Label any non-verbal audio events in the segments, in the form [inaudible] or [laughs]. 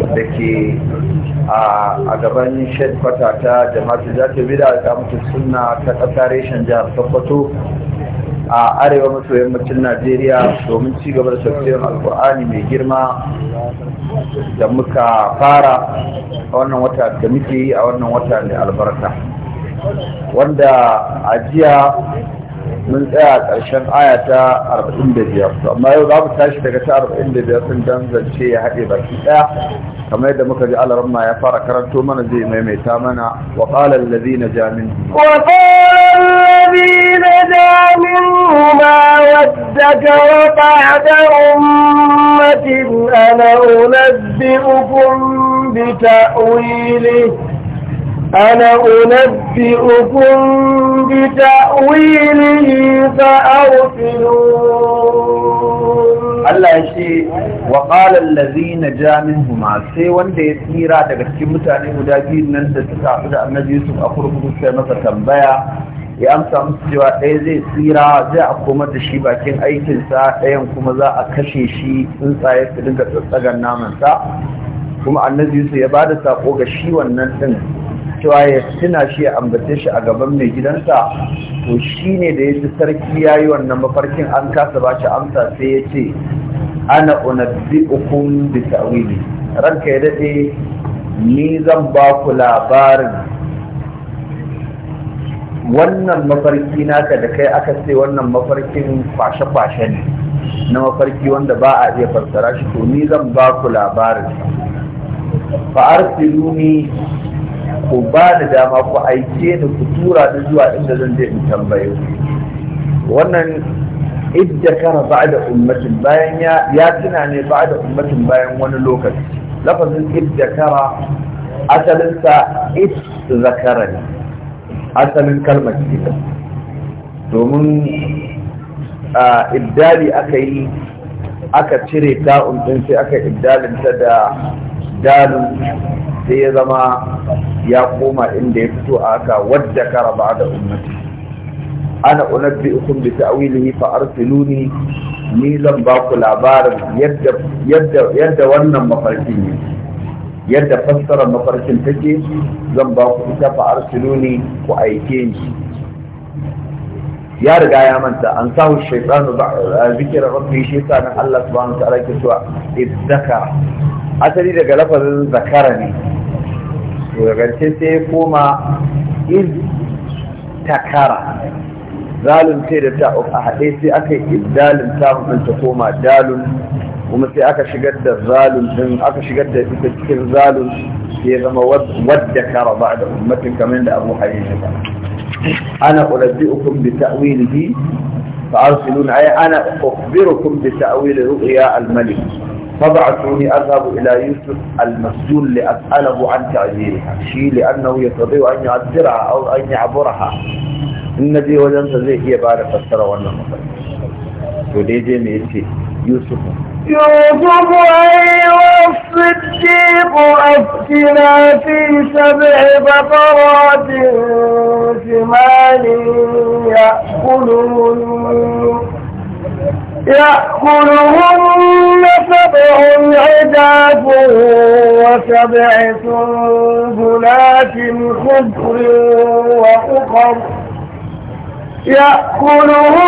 da ke a gaban shedkwata ta jama'a za ta bi da alkamutu suna ta ƙasa reshen jihar sokoto a arewa maso yammacin najeriya domin ci gaba da sauƙin alkur'ani mai girma da muka fara a wannan wata da muke yi a wannan wata mai albarka wanda a jiya من آيات عشان آيات أربع إندية ما يضرب تعيش تجت أربع إندية تندم زل شيء حقيقة آه، كذا كما إذا مكذب على ربنا يا يفار كرنتو من زي ما يتمنى وقال الذين جاء منه وقال الذين جاء منه ما ودك وقعد أمة أنا أنبئكم بتأويله أنا أنبئكم بتأويله فأرسلون الله يشي وقال الذين جاء منهما سي wanda ya tsira daga cikin mutane guda biyu nan da ta haɗu da Annabi Yusuf a kurkuku sai masa tambaya ya amsa musu cewa ɗaya zai tsira zai a komar da shi bakin aikinsa ɗayan kuma za a kashe shi tsuntsaye su dinga tsatsagan namansa kuma annabi yusuf ya bada sako ga shi wannan din cewa ya tuna shi ya ambace shi a gaban mai gidansa to shi da ya sarki ya yi wannan mafarkin an kasa ba shi amsa sai ya ce ana unabbiukum bi ta'wili ranka ya dade ni zan ba ku labarin wannan mafarki naka da kai aka ce wannan mafarkin kwashe-kwashe ne na mafarki wanda ba a iya fassara shi to ni zan ba ku labarin fa arsiluni ku ba ni dama ku aike ni ku tura ni zuwa inda zan je in tambayo. wannan idda kana ba'da ummatin bayan ya ya tuna ne ba'da ummatin bayan wani lokaci lafazin idda kara asalinsa is zakarani, asalin kalmar domin iddali aka yi aka cire ta'un din sai aka iddalinta da dalu sai ya zama ya koma inda ya fito a haka wadda kara ba da ummati ana unabbi ukum bi ta'wilihi fa arsiluni ni zan ba ku labarin yadda yadda yadda wannan mafarkin ne yadda fassara mafarkin take zan ba ku ita fa arsiluni ku aike ni ya riga ya manta an samu shaitanu ba eh, zikirar rabbi shi yasa nan Allah subhanahu wa ta'ala ke cewa idzakara asali daga lafazin zakara ne to daga sai koma iz takara zalun sai da ta a haɗe sai aka yi iddalin ta ɗin ta koma dalun kuma sai aka shigar da zalun din aka shigar da ita cikin zalun sai zama wadda kara ba da ummatin kamar da abu hayi shi ba أنا أنبئكم بتأويله فأرسلون أي أنا أخبركم بتأويل رؤيا الملك فبعثوني أذهب إلى يوسف المسجون لأسأله عن تعذيرها شيء لأنه يستطيع أن يعبرها أو أن يعبرها النبي وجنت زي هي بعد فسر وأنه مصر to dai يوسف me yace yusuf يوسف أيها الصديق أفتنا في سبع بقرات ثمان يأكلهن يأكلهن سبع عجاف وسبع سنبلات خضر وأخر يأكلهن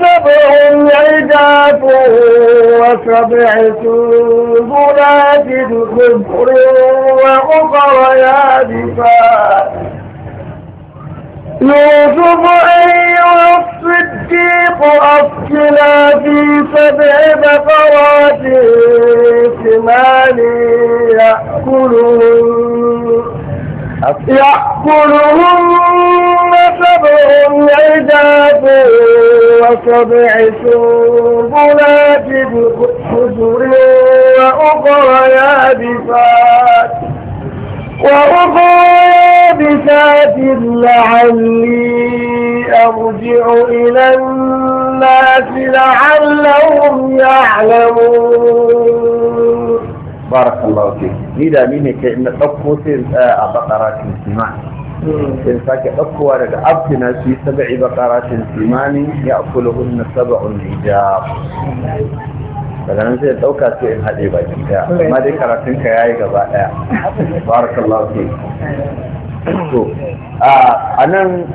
سبع عجاف وسبع سنبلات خضر وأخر يابسات يوسف أيها الصديق أفتنا في سبع بقرات سمان يأكلهن يأكلهن سبعهم عذاب وسبع سنبلات خزر وأخرى يابسات وأخرى يابسات لعلي أرجع إلى الناس لعلهم يعلمون بارك الله فيك إذا منك أن ne ke na ɗauko sai sake ɗaukowa daga abdina su yi saba'i simani ya akula hunna saba'un hijab daga nan zai ɗauka sai in haɗe baki ɗaya amma dai karatun ka yayi gaba ɗaya barakallahu fi to a nan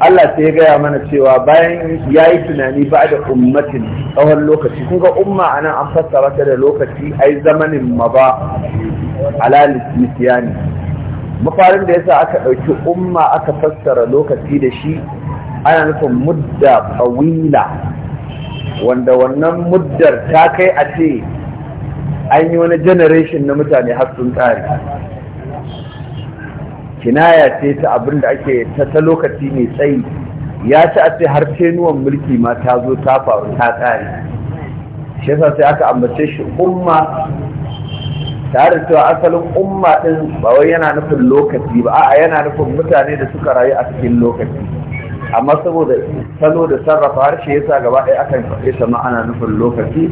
Allah sai ya gaya mana cewa bayan ya yi tunani ba da ummatin tsawon lokaci kun ga umma a nan an fassara ta da lokaci ai zamanin ma ba ala misyani mafarin da yasa aka ɗauki umma aka fassara lokaci da shi ana nufin mudda ƙawila wanda wannan muddar ta kai a ce an yi wani generation na mutane har sun tsari kinaya ce ta abin da ake ta ta lokaci mai tsayi ya ci a ce har tenuwan mulki ma ta zo ta faru ta tsari shi yasa sai aka ambace shi umma tare da cewa asalin umma din ba wai yana nufin lokaci ba a'a yana nufin mutane da suka rayu a cikin lokaci amma saboda salo da sarrafa harshe yasa gaba ɗaya akan isa ma ana nufin lokaci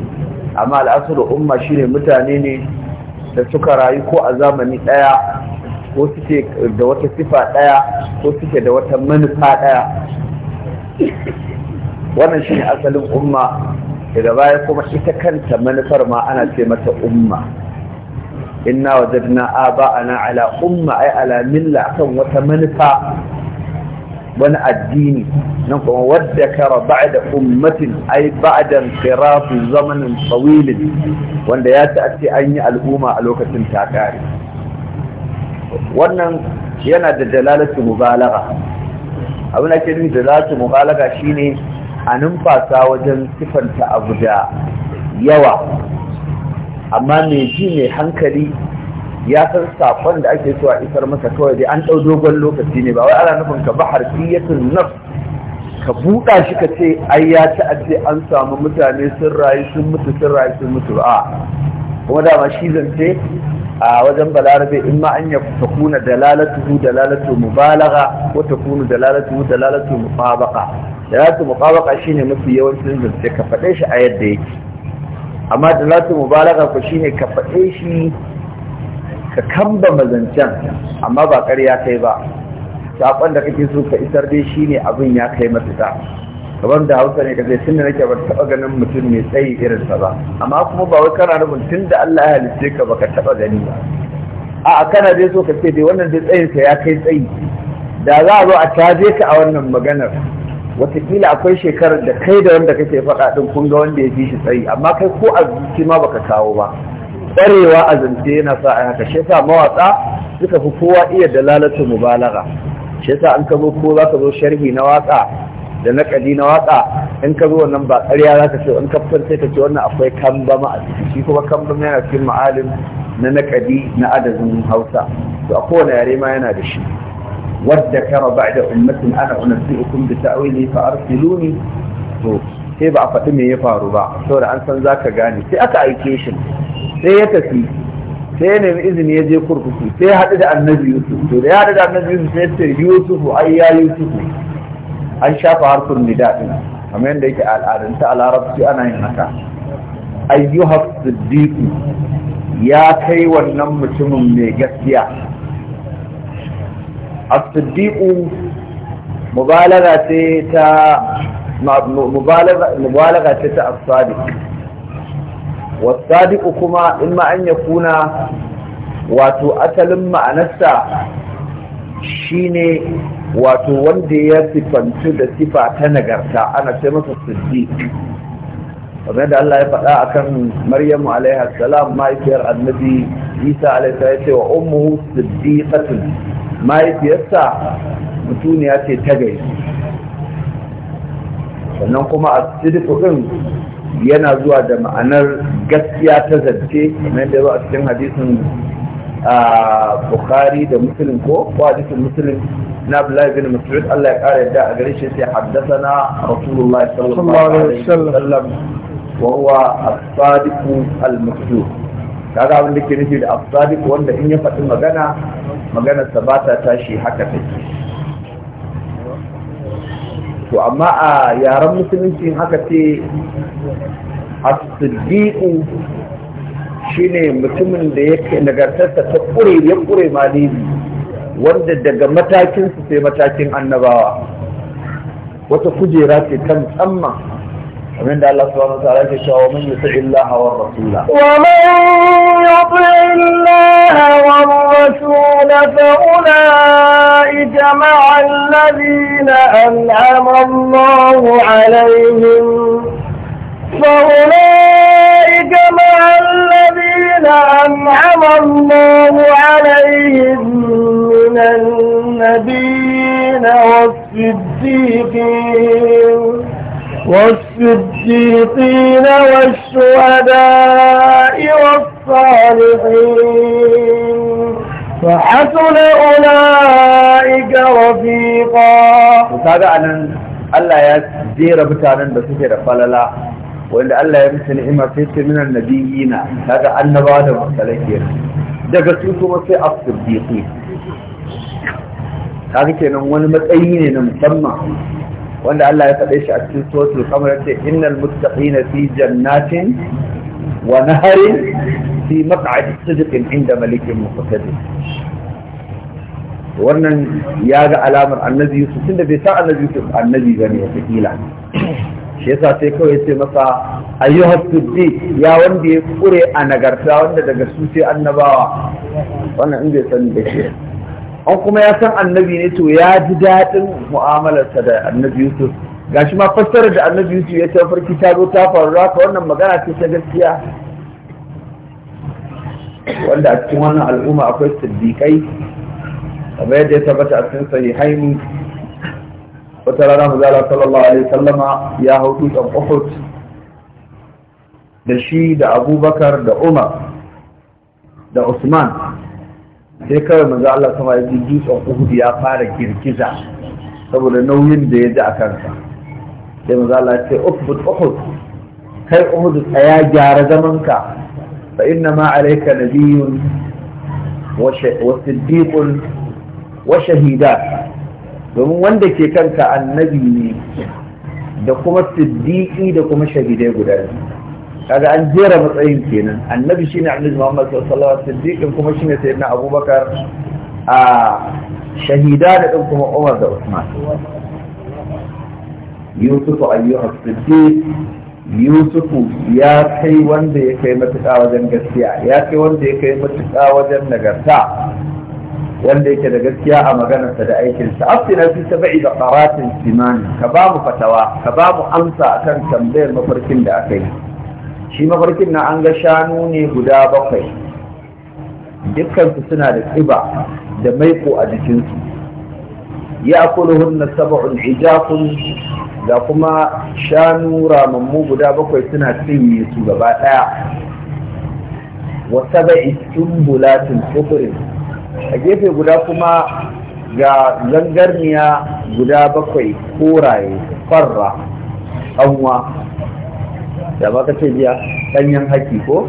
amma al'asalin umma shine mutane ne da suka rayu ko a zamani ɗaya ko suke da wata sifa ɗaya ko suke da wata manufa ɗaya wannan shine asalin umma daga baya kuma ita kanta manufar ma ana ce mata umma inna wajadna aba'ana ala umma ay ala milla kan wata manufa wani addini nan kuma wadda kara ba'da ummatin ay ba'da qirafi zamanin tawilin wanda ya ta ce an yi al'umma a lokacin takari wannan yana da dalalatu mubalaga abin da ke nufi dalalatu mubalaga shine a numfasa wajen sifanta abu da yawa amma mai ji mai hankali ya san sakon da ake so a isar masa kawai dai an ɗau dogon lokaci ne ba wai ana nufin ka ba harfiyatul naf. ka buɗa shi ka ce ai ya ci a ce an samu mutane sun rayu sun mutu sun rayu sun mutu a kuma dama shi zance a wajen balarabe in ma an ya takuna dalalatuhu dalalatu mubalagha ko takunu dalalatuhu dalalatu mufabaqa dalalatu mufabaqa shine mafi yawancin zance ka faɗe shi a yadda yake amma da lati mubalaga ku shine ka faɗe shi ka kamba mazancan amma ba ƙarya kai ba saƙon da kake so ka isar dai shine abin ya kai matuƙa kamar da hausa ne ka kace tunda nake ba taɓa ganin mutum mai tsayi irin sa ba amma kuma ba wai kana nufin tunda Allah ya halicce ka baka taɓa gani ba a kana dai so ka ce dai wannan dai tsayin sa ya kai tsayi da za a zo a caje ka a wannan maganar watakila akwai shekarar da kai da wanda kake faɗa ɗin kun ga wanda ya fi shi tsayi amma kai ko a zuci ma baka kawo ba tsarewa a zance yana sa a haka shi suka fi kowa iya dalalatu mubalaga shi an ka zo ko za ka zo sharhi na watsa da nakali na waka in ka zo wannan ba ƙarya za ka ce in kafin sai ka ce wannan akwai kambama a ciki shi kuma kambama yana cikin ma'alin na nakali na adadin hausa to a kowane yare ma yana da shi وادكر بعد أمة أنا أنبئكم بتأويله فأرسلوني sai ba a faɗi me ya faru ba saboda an san za ka gane sai aka aike shi sai ya tafi sai nemi izini ya je kurkuku sai ya haɗu da annabi yusuf to ya haɗu da annabi yusuf sai ce yusufu ai ya yusufu an shafa harfin nida din kamar yadda yake al'adun ta larabci ana yin haka ya kai wannan mutumin mai gaskiya as-siddiqu mubalaga ce ta mubalaga ce ta as-sadiq was kuma in ma an yakuna wato asalin ma'anarsa shine wato wanda ya sifantu da sifa ta nagarta ana ce masa siddiq kamar da Allah ya faɗa akan Maryamu alaiha salam mahaifiyar Annabi Isa alaihi ya ce wa ummuhu siddiqatun mahaifiyarsa mutuniya ce ta gari sannan kuma a cikin yana zuwa da ma'anar gaskiya ta zance kamar da a cikin hadisun a bukhari da musulun ko ko hadisun musulun na abdullahi bin musulun Allah ya kara yadda a gari shi sai na rasulullah sallallahu alaihi wasallam wa huwa as-sadiq al-masduq kaga abin da ke nufi da absadiq wanda in ya faɗi magana maganarsa sa ba ta tashi haka take to amma a yaren musulunci in haka ce as shi shine mutumin da yake nagartarsa ta ƙure, ya ƙure Malibi. wanda daga matakin sai matakin annabawa wata kujera ce ta musamman ومن الله سبحانه وتعالى يشاء ومن يطع الله والرسول ومن يطع الله والرسول فأولئك مع الذين أنعم الله عليهم فأولئك مع الذين أنعم الله عليهم من النبيين والصديقين والصديقين والشهداء والصالحين فحسن أولئك رفيقا وهذا أن الله يزير بتانا بس كده قال لا وإن الله يمسن إما فيك من النبيين هذا النبات والسلكين ده بس يسوم في الصديقين هذا كده وانا متأيين انا مسمى wanda Allah ya faɗe shi a cikin suratul qamar ce innal muttaqina fi jannatin wa naharin fi maq'adi sidqin inda malikin muqtadir wannan ya ga alamar annabi Yusuf tunda bai san annabi Yusuf annabi bane wata kila shi yasa sai kawai sai masa ayyuha tuddi ya wanda ya kure a nagarta wanda daga su sai annabawa wannan in bai san da shi an kuma ya san annabi ne to ya ji daɗin mu'amalarsa da annabi yusuf gashi ma fassarar da annabi yusuf ya ta farki ta zo ta faru ka wannan magana ce ta gaskiya wanda a cikin wannan al'umma akwai siddiƙai kamar yadda ya tabbata a cikin sahihaini wata rana muzala sallallahu alaihi sallama ya hau dutsen uhud da shi da abubakar da umar da usman sai kawai manzo Allah sama ya ji dutsen Uhud ya fara girgiza saboda nauyin da ya ji a kansa sai manzo Allah ya ce Uhud kai Uhud tsaya gyara zaman ka fa inna ma alayka nabiyyun wa siddiqun wa shahida domin wanda ke kanka annabi ne da kuma siddiqi da kuma shahidai guda biyu kaga an jera matsayin kenan annabi shine annabi Muhammad sallallahu alaihi wasallam siddiqin kuma shine sayyidina Abubakar a shahida da din kuma Umar da Usman Yusuf ayyuha siddiq Yusuf ya kai wanda ya kai matuƙa wajen gaskiya ya kai wanda ya kai matuƙa wajen nagarta wanda yake da gaskiya a maganarsa da aikinsa afsina fi sab'i da qaratin simani ka ba mu fatawa ka ba mu amsa akan tambayar mafarkin da akai. shi mafarkin na an ga shanu ne guda bakwai dukkansu suna da tsiba da maiko a jikinsu ya hunna sab'un hijafun da kuma shanu ramammu guda bakwai suna cinye su gaba daya wa sab'i sumbulatin kufrin a gefe guda kuma ga zangarniya guda bakwai koraye farra anwa da ba ka ce jiya ɗanyen haƙi ko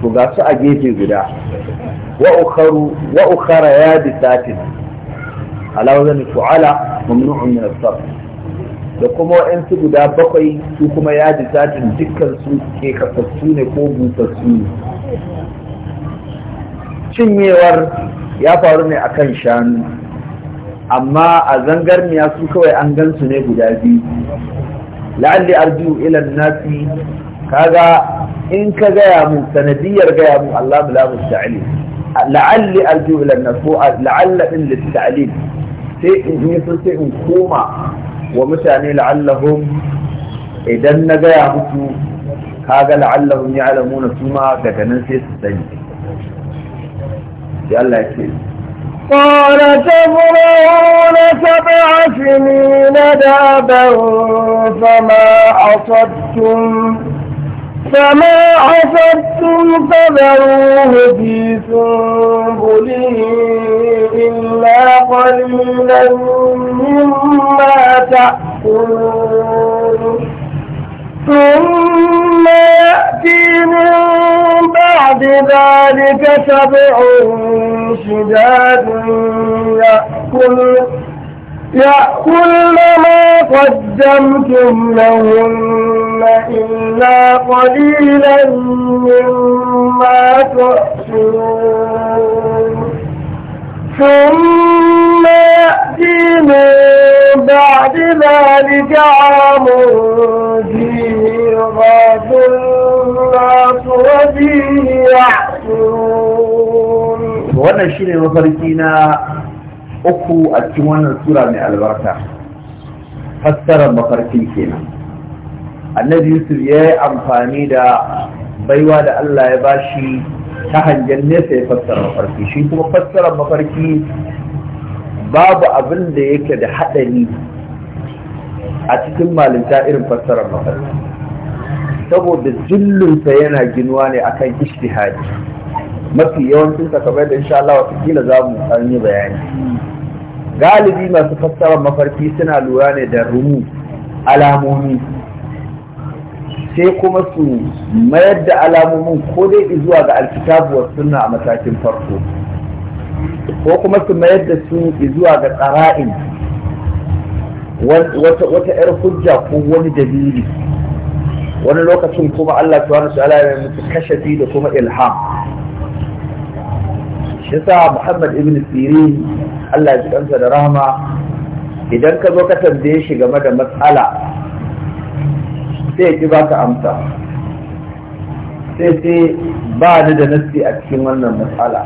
Ku ga su a gefe guda wa ukhara ya bi satin ala fu'ala mamnu'un min as da kuma wa'ansu guda bakwai su kuma ya bi satin dukkan su ke kasassu ne ko busassu ne cinyewar ya faru ne a kan shanu amma a zangarniya su kawai an gansu ne guda biyu la'alli arju ila nasi kaga in ka gaya mu sanadiyar gaya mu Allah la musta'ali la'alli arju ila nasi la'alla in lista'ali sai in yi sun sai in koma wa mutane la'allahum idan na gaya musu kaga la'allahum ya'lamuna suma daga nan sai su sani sai Allah ya ce قال تبرون سبع سنين دابا فما حصدتم فما حصدتم فذروه في سنبله إلا قليلا مما تأكلون ثم يأتي من بعد ذلك سبع شداد يأكل يأكل ما قدمتم لهن إلا قليلا مما تحسنون ثم يأتي من بعد ذلك عام فيه يغاث الناس وفيه يحسون وانا شيني مفرقينا uku a cikin wannan sura mai albarka fassarar mafarkin kenan annabi yusuf ya yi amfani da baiwa da allah ya bashi ta hangen nesa ya fassara mafarki shi kuma fassara mafarki babu abin da yake da haɗari a cikin malinta irin fassarar mafarki saboda jullinsa yana ginuwa ne akan ishtihadi mafi yawancin sa kamar da insha Allah watakila za mu yi bayani galibi masu fassarar mafarki suna lura ne da rumu alamomi sai kuma su mayar da alamomin ko dai zuwa ga alkitabuwar sunna a matakin farko ko kuma su mayar da su zuwa ga tsara'in wata 'yar hujja ko wani dalili wani lokacin kuma Allah subhanahu wa ta'ala ya musu kashafi da kuma ilham shi sa Muhammad ibn Sirin Allah ya ji da rahama idan ka zo ka tambaye shi game da matsala sai ki baka amsa sai sai ba ni da nasi a cikin wannan matsala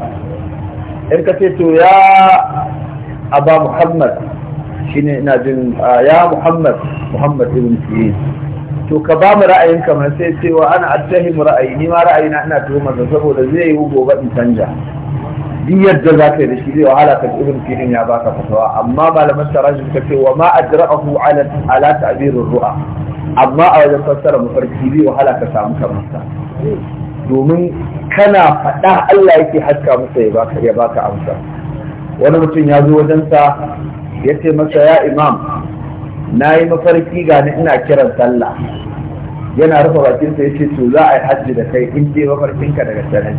in ka ce to ya aba muhammad shine ina jin ya muhammad muhammad ibn to ka ba mu ra'ayin kamar sai cewa ana attahimu ra'ayi ni ma ra'ayina ina tuhumar da saboda zai yi gobe in canja duk da za ka yi da shi zai wahala ka ibn filin ya baka fatawa amma malaman tarajin ka ce wa ma ajra'ahu ala ala ta'birir ru'a amma a wajen fassara mafarki zai wahala ka samu kamar sa domin kana faɗa Allah yake haska masa ya baka ya baka amsa wani mutum ya zo wajen sa ya ce masa ya imam na yi mafarki ga ni ina kiran sallah yana rufe bakin sa yace to za a yi hajji da kai in je mafarkin ka daga sanan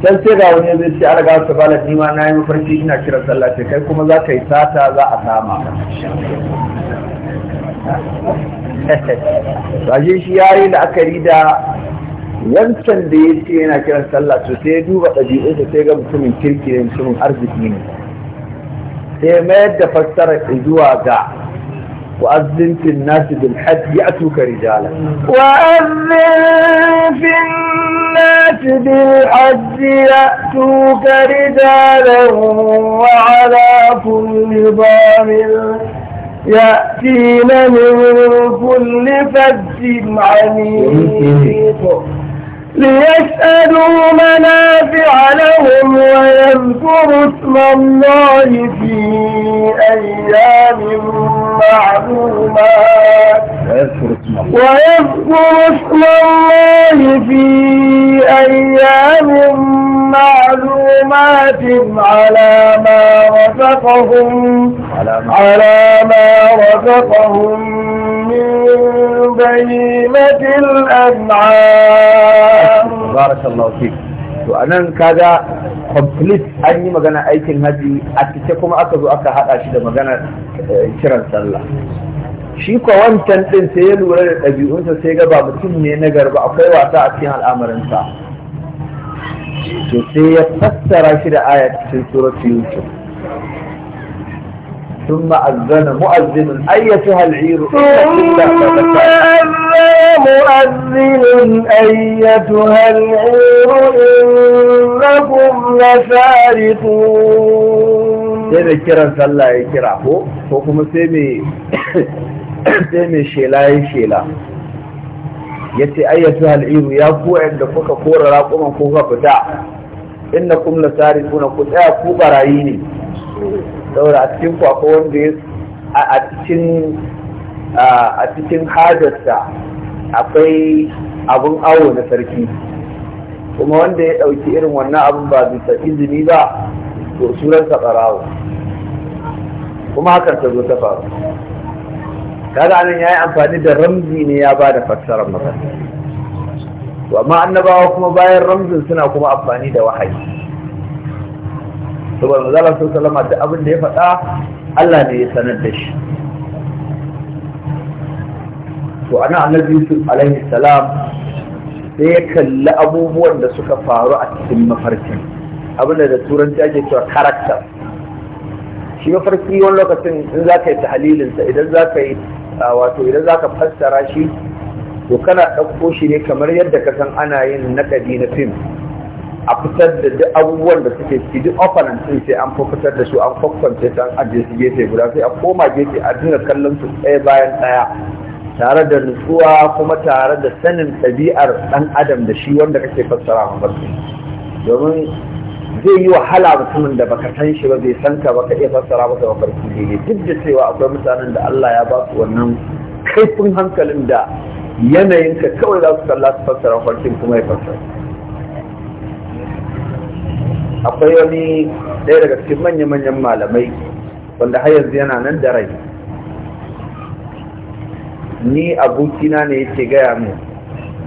can sai ga wani zai ce an ga su bala ni ma na yi mafarki ina kiran sallah sai kai kuma za ka yi sata za a sama Rashe shi ya yi la'akari da wancan da ya ce yana kiran sallah to sai ya duba ɗabi'unsa sai ga mutumin kirki ne mutumin arziki ne. Sai mayar da fassarar zuwa ga وأذن في الناس بالحج يأتوك رجالا وأذن في الناس بالحج يأتوك رجالا وعلى كل ضامر يأتين من كل فج عميق ليسألوا منافع لهم ويذكروا اسم الله في أيام معلومات ويذكروا اسم الله في أيام معلومات على ما رزقهم على ما رزقهم من بهيمة الأنعام barakallahu fik to anan kaga complete an yi magana aikin haji a cike kuma aka zo aka hada shi da magana eh, kiran sallah shi kwa wancan din sai ya lura da ɗabi'unsa sai ga ba mutum ne na garba akwai wasa a cikin al'amarinsa to sai ya fassara shi da ayat cikin suratul yusuf ثم أذن مؤذن أيتها العير ثم أذن مؤذن أيتها العير إنكم لسارقون sai mai kiran sallah ya kira ko kuma sai mai shela ya shela ya ce ayyatu hal'iru ya koyar da kuka kora raƙuman kuka fita inna kum la ku tsaya ne saboda a cikin kwakwa wanda ya a cikin a cikin hajarsa akwai abin awo na sarki kuma wanda ya ɗauki irin wannan abin ba bisa izini ba to sunansa ɓarawo kuma hakan ta zo ta faru kaga anan yayi amfani da ramzi ne ya bada fassarar magana to amma annabawa kuma bayan ramzin suna kuma amfani da wahayi saboda manzala su salama da abin da ya faɗa Allah ne ya sanar da shi to ana annabi yusuf alaihi salam sai ya kalli abubuwan da suka faru a cikin mafarkin abin da turanci ake cewa character shi mafarki wani lokacin in za ka yi ta halilinsa idan za ka yi wato idan za ka fassara shi to kana ɗauko shi ne kamar yadda ka san ana yin naƙadi na fim a fitar da duk abubuwan da suke ciki duk opponent sai an fitar da su an kwakwance ta ajiye su gefe guda sai a koma gefe a dinga kallon su ɗaya bayan ɗaya tare da nutsuwa kuma tare da sanin ɗabi'ar ɗan adam da shi wanda kake fassara ma barci domin zai yi wahala mutumin da baka san shi ba zai san ka baka iya fassara masa mafarki daidai duk da cewa akwai mutanen da Allah ya ba su wannan kaifin hankalin da yanayinka kawai za su kalla su fassara mafarkin kuma ya fassara akwai wani ɗaya daga cikin manya-manyan malamai wanda har yanzu yana nan da rai ni abokina ne yake gaya mu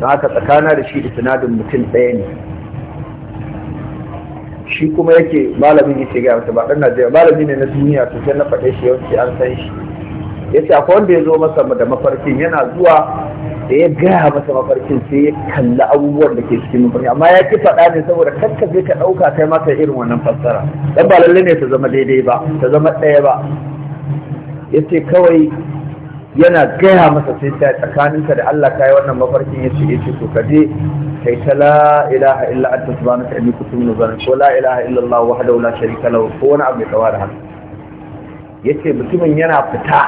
don haka tsakana da shi da sinadin mutum ɗaya ne shi kuma yake malamin yake gaya mata ba ɗan najeriya malami ne na duniya sosai, na faɗe shi yawanci an san shi ya ce akwai wanda ya zo masa da mafarkin yana zuwa da ya gaya masa mafarkin sai ya kalli abubuwan da ke cikin mafarki amma ya ki faɗa ne saboda kakka zai ka ɗauka kai maka irin wannan fassara dan ba lalle ne ta zama daidai ba ta zama ɗaya ba ya ce kawai yana gaya masa sai ta tsakaninka da Allah kai wannan mafarkin ya ce ya ce to ka je kai ta la ilaha illa anta subhanaka inni kuntu minaz zalimin ko la ilaha illa Allah wahdahu la sharika lahu ko wani abu ya kawo da yace mutumin yana fita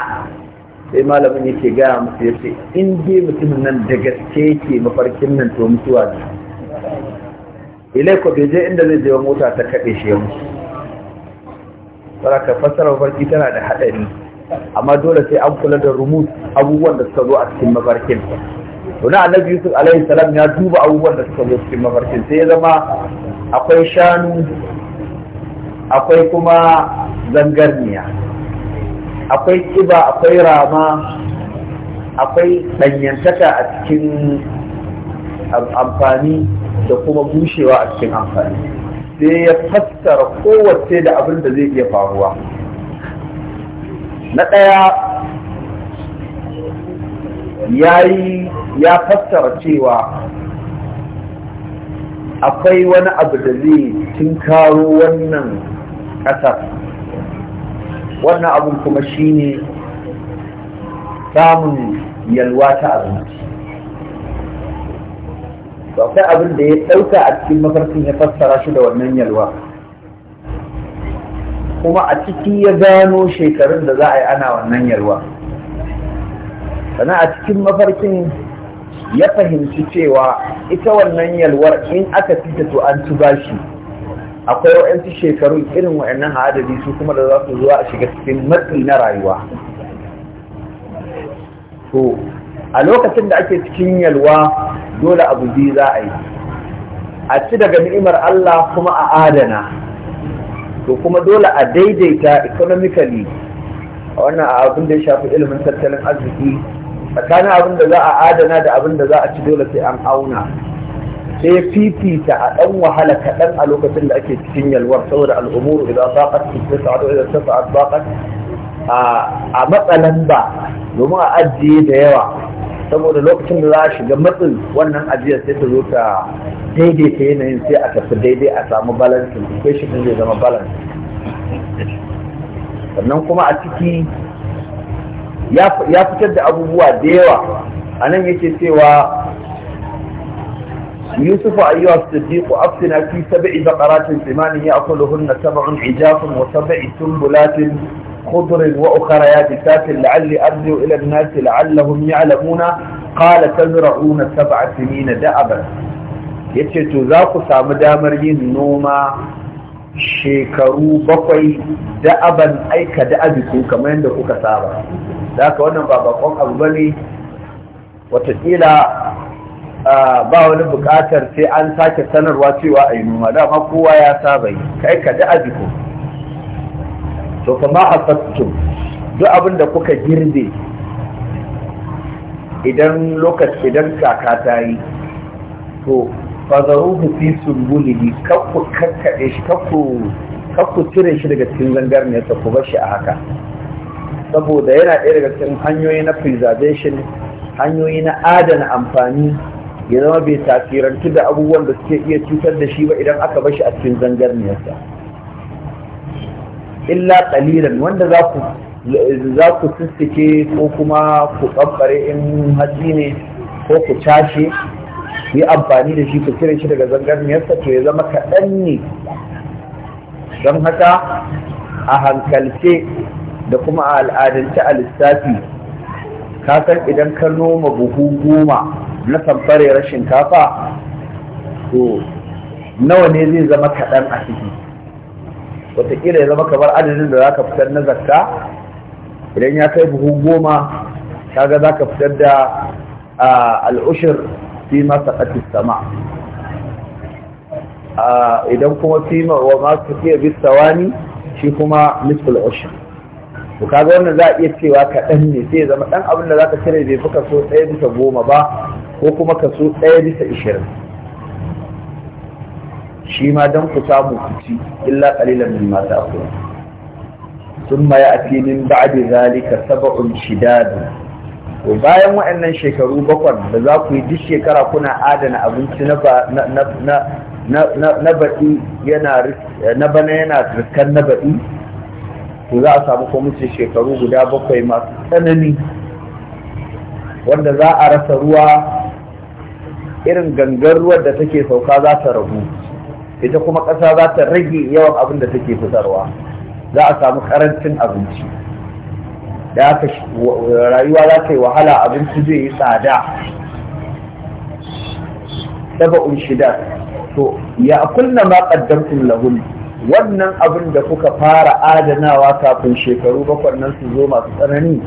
sai malamin yake gaya musu yace in dai mutumin nan da gaske yake mafarkin nan to mutuwa ne ko bai je inda zai je mota ta kaɗe shi yau saraka mafarki tana da haɗari amma dole sai an kula da rumut abubuwan da suka zo a cikin mafarkin wani annabi yusuf alaihi salam ya duba abubuwan da suka zo cikin mafarkin sai ya zama akwai shanu akwai kuma zangarniya akwai kiba akwai rama akwai ɗanyantaka a cikin amfani da kuma bushewa a cikin amfani sai ya fassara kowace da abin da zai iya faruwa na ɗaya ya fassara cewa akwai wani abu da zai tinkaro wannan ƙasar wannan abun kuma shine samun yalwa ta abinci ba kai abin da ya ɗauka a cikin mafarkin ya fassara shi da wannan yalwa kuma a ciki ya gano shekarun da za a yi ana wannan yalwa sannan a cikin mafarkin ya fahimci cewa ita wannan yalwar in aka fita to an ci bashi akwai wa'yansu shekaru irin wa'annan hadari su kuma da za su zuwa a shiga cikin matsi na rayuwa to a lokacin da ake cikin yalwa dole abu biyu za a yi a ci daga ni'imar Allah kuma a adana to kuma dole a daidaita economically a wannan abin da ya shafi ilimin tattalin arziki tsakanin abin da za a adana da abin da za a ci dole sai an auna sai ya fifita a ɗan wahala kaɗan a lokacin da ake cikin yalwar saboda al'umuru idan zaƙar cikin sa'adu idan ta sa'ad zaƙar a matsalan ba domin a ajiye da yawa saboda lokacin da za a shiga matsin wannan ajiyar sai ta zo ta daidaita yanayin sai a tafi daidai a samu balansin akwai shi zai zama balance sannan kuma a ciki ya fitar da abubuwa da yawa a nan yake cewa يوسف أيها الصديق أفتنا في سبع بقرات ثمان يأكلهن سبع عجاف وسبع سنبلات خضر وأخرى يابسات لعلي أرجو إلى الناس لعلهم يعلمون قال تزرعون سبع سنين دأبا yace to za ku samu damar yin noma shekaru bakwai da'aban aika da'abiku kamar yadda kuka saba da haka wannan ba bakon abu bane watakila ba wani bukatar sai an sake sanarwa cewa a yi noma dama kowa ya saba yi kai ka ji ajiko to fa ma hasattun duk abin da kuka girbe idan lokaci idan kaka ta yi to ku fi ne kakku kakkaɗe shi kakku kakku cire shi daga cikin zangar ne ta kuma shi a haka saboda yana ɗaya daga cikin hanyoyi na preservation hanyoyi na adana amfani ya zama bai tasirantu da abubuwan da suke iya cutar da shi ba idan aka bashi a cikin zangarniyarsa illa ƙalilan wanda za ku za ku sissike ko kuma ku tsabbare in hatsi ne ko ku cashe yi amfani da shi ku cire shi daga zangarniyarsa to ya zama kaɗan ne don haka a hankalce da kuma a al'adance a lissafi ka san idan ka noma buhu goma na samfarewar shinkafa to nawa ne zai zama kaɗan a ciki wataƙila ya zama kamar adadin da za ka fitar na zakka idan ya kai buhu goma kaga za ka fitar da al'ushir fi masa ƙatis sama idan kuma fi wa masu bi sawani shi kuma nisful ushir to kaga wannan za a iya cewa kaɗan ne sai ya zama ɗan abin da za ka cire bai fuka so ɗaya bisa goma ba ko kuma kaso ɗaya bisa ishirin shi ma don ku samu ku ci illa ƙalilan min masu akwai sun ma ya ati min ba'di zalika sab'un shidadu to bayan waɗannan shekaru bakwai da za ku yi duk shekara kuna adana abinci na na baɗi yana na bana yana riskar na baɗi to za a samu kwamitin shekaru guda bakwai masu tsanani wanda za a rasa ruwa irin gangar ruwan da take sauka za ta ragu ita kuma ƙasa za ta rage yawan abin da take fitarwa za a samu ƙarancin abinci da aka rayuwa za ta yi wahala abinci zai yi tsada Daba'un shida to ya kunna ma qaddamtum wannan abin da kuka fara adanawa kafin shekaru bakwai nan su zo masu tsanani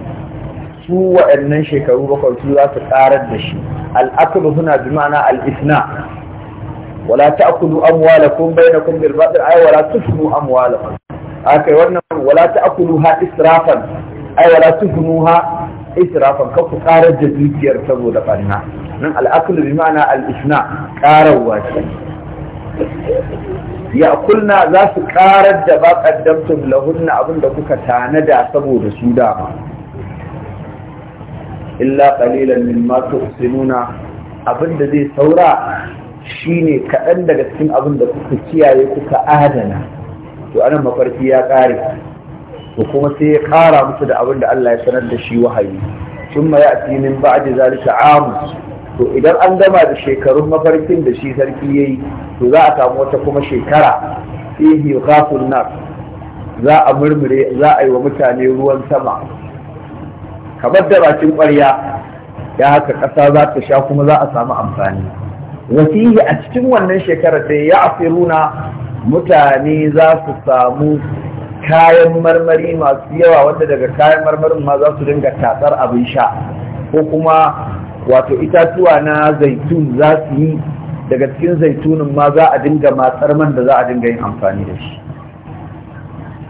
su waɗannan shekaru bakwai su za su ƙarar da shi al'akulu suna bi ma'ana al'isna wala ta'kulu amwalakum bainakum bil batil ay wala tusnu amwalakum akai wannan wala ha israfan ay wala ha israfan ka ku ƙarar da dukiyar saboda ɓanna. nan al'akulu bi ma'ana al'isna ƙararwa ce ya kulna za su ƙarar da ba ƙaddamtum lahunna abinda kuka tanada saboda su dama illa qalilan mimma abin abinda zai saura shine kaɗan daga cikin abin da kuka kiyaye kuka adana to anan mafarki ya ƙare to kuma sai ya ƙara musu da abin da Allah ya sanar da shi wahayi sun ma ya'ti min ba'di zalika amu to idan an gama da shekarun mafarkin da shi sarki yayi to za a samu wata kuma shekara fihi ghafun nas za a murmure za a yi wa mutane ruwan sama kamar da bakin ƙwarya ya haka ƙasa za ta sha kuma za a samu amfani wasihi a cikin wannan shekarar sai ya afiruna mutane za su samu kayan marmari masu yawa wanda daga kayan marmarin ma za su dinga tatsar abin sha ko kuma wato itatuwa na zaitun za su yi daga cikin zaitunin ma za a dinga matsar man da za a dinga yin amfani da shi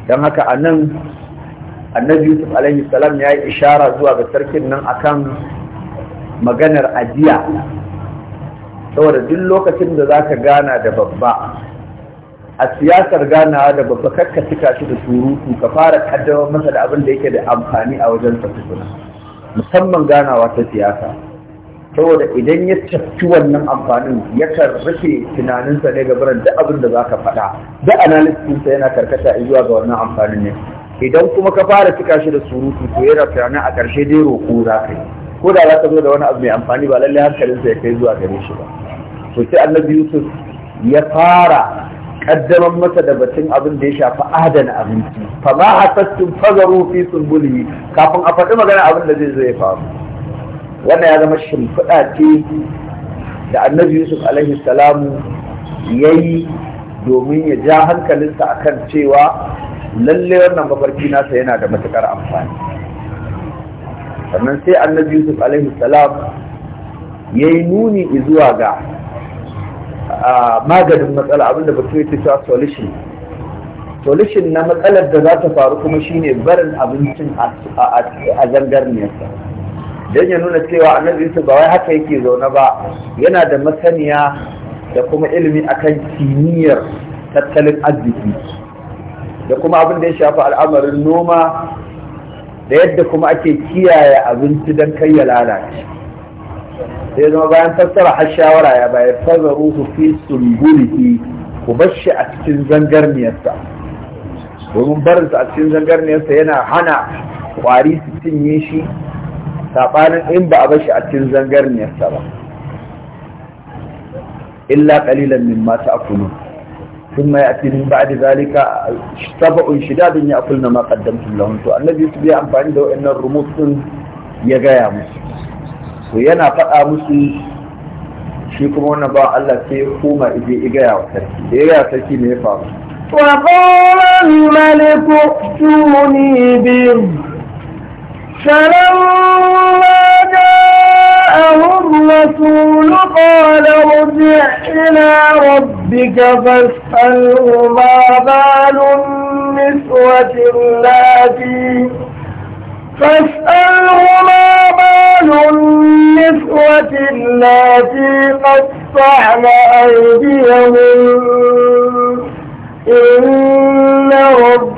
don haka a nan annabi yusuf alaihi salam ya yi ishara zuwa ga sarkin nan akan maganar ajiya saboda duk lokacin da za ka gana da babba a siyasar ganawa da babba kakka cika shi da surutu ka fara kaddamar masa da abin da yake da amfani a wajen sa musamman ganawa ta siyasa saboda idan ya tafi wannan amfanin yakan rufe tunaninsa ne ga birnin abin da za ka faɗa duk analysis yana karkata zuwa ga wannan amfanin ne idan kuma ka fara cika shi da surutu to yana tunanin a ƙarshe dai roƙo za ka yi ko da za ka zo da wani abu mai amfani ba lallai hankalinsa ya kai zuwa gare shi ba to sai annabi yusuf ya fara kaddaman masa da batun abin da ya shafi adana abinci fa ma hasastun fazaru fi sunbulihi kafin a faɗi magana abin da zai zo ya faru wannan ya zama shimfiɗa ce da annabi yusuf alaihi salamu ya yi domin ya ja hankalinsa akan cewa lalle wannan mafarki nasa yana da matukar amfani sannan sai annabi yusuf alaihi salam ya yi nuni zuwa ga maganin matsala abinda batu ya cewa solution solution na matsalar da za ta faru kuma shine barin abincin a zangarniyarsa don ya nuna cewa annabi yusuf ba wai haka yake zaune ba yana da masaniya da kuma ilimi akan kimiyyar tattalin arziki da kuma abin da ya shafi al'amarin noma da yadda kuma ake kiyaye abinci don kai ya lalace sai zama bayan fassara har shawara ya bayar fazaru ruhu, fi sumbulihi ku bashi a cikin zangarniyarsa domin barinsa a cikin zangarniyarsa yana hana kwari su cinye shi saɓanin in ba a bashi a cikin zangarniyarsa ba illa ƙalilan min mata akunun ثم يأتي من بعد ذلك سبع شداد يأكلن ما قدمتم لهم تو النبي يوسف يا أمفاني دو إن الرموز ya gaya musu yana faɗa musu shi kuma wannan ba Allah sai kuma ije sarki ne وقال الملك به فلما جاءهم رسول قال ارجع إلى ربك فاسأله ما بال النسوة اللاتي فاسأله ما بال النسوة اللاتي قطعن أيديهم إن رب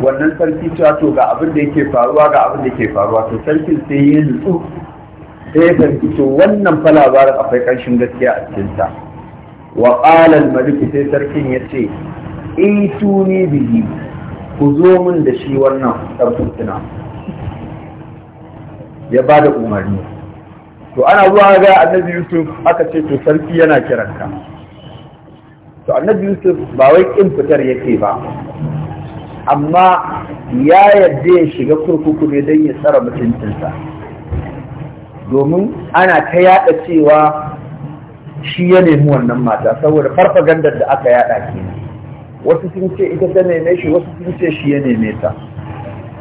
wannan sarki cewa to ga abin da yake faruwa ga abin da yake faruwa to sarkin sai ya nutsu sai ya sarki to wannan fa labarin akwai ƙarshen gaskiya a cikin sa wa qala al malik sai sarkin ya ce ituni bihi ku zo min da shi wannan sarkin ya ba da umarni to ana zuwa ga annabi yusuf aka ce to sarki yana kiranka to annabi yusuf ba wai kin fitar yake ba amma ya yarda ya shiga kurkuku ne don ya tsara mutuncinsa domin ana ta yada cewa shi ya nemi wannan mata saboda farfagandar da aka yada kenan wasu sun ce ita ta neme shi wasu sun ce shi ya neme ta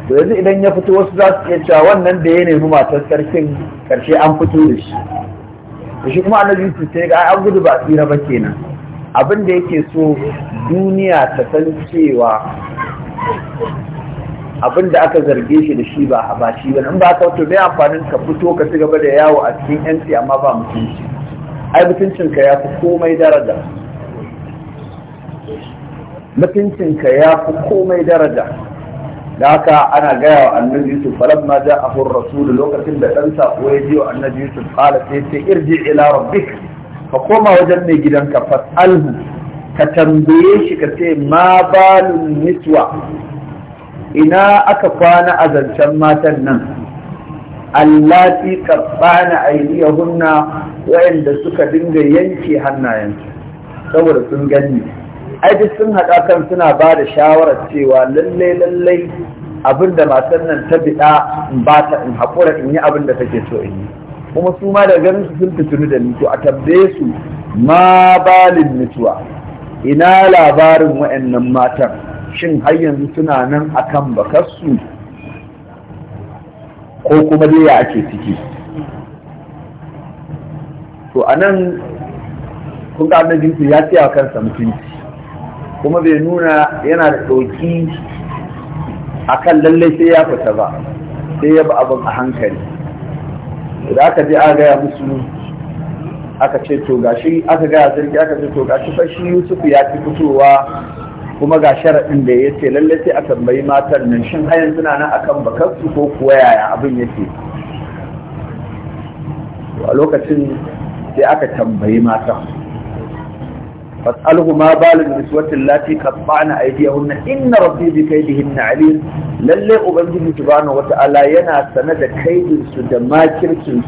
to yanzu idan ya fito wasu za su iya cewa wannan da ya nemi matar sarkin karshe an fito da shi da shi kuma annabi su ce ga an gudu ba tsira ba kenan abin da yake so duniya ta san cewa abin da aka zarge shi da shi ba ba shi ba in ba ka wato mai amfanin ka fito ka ci gaba da yawo a cikin yanci amma ba mutunci ai mutuncinka ya fi komai daraja mutuncinka ya fi komai daraja da haka ana gaya wa annabi yusuf a ja'ahu ar-rasul lokacin da dan sako ya ji wa annabi yusuf qala sai sai irji ila rabbik ka koma wajen mai gidanka fas'alhu ka tambaye shi ka ce ma balun niswa ina aka kwana a zancen matan nan allati qabbana hunna wayanda suka dinga yanke hannayensu saboda sun ganni ai sun haɗa kan suna ba da shawarar cewa lalle lalle abin da matan nan ta biɗa in ba ta in haƙura in yi abinda da take so in yi kuma su ma da ganin su sun fitinu da ni to a tambaye su ma balin mutuwa ina labarin wa'annan matan shin har yanzu suna nan akan bakarsu ko kuma dai ya ake ciki to anan nan kun ga annabinsu ya ce kansa mutunci kuma bai nuna yana da ɗauki a kan lallai sai ya fita ba sai ya ba abin hankali da aka je a gaya musu aka ce to gashi aka gaya sarki aka ce to gashi fa shi Yusuf ya ci fitowa kuma ga sharaɗin da ya ce lallai sai a tambayi matan nan shin hayan suna nan akan bakarsu ko kuwa yaya abin yake a lokacin sai aka tambayi matan fas'alhu ma balin niswatin lati qatta'na aydiyahunna inna rabbi bi kaydihinna alim lalle ubangiji subhanahu wata'ala yana sanar da kaidin su da makirkinsu.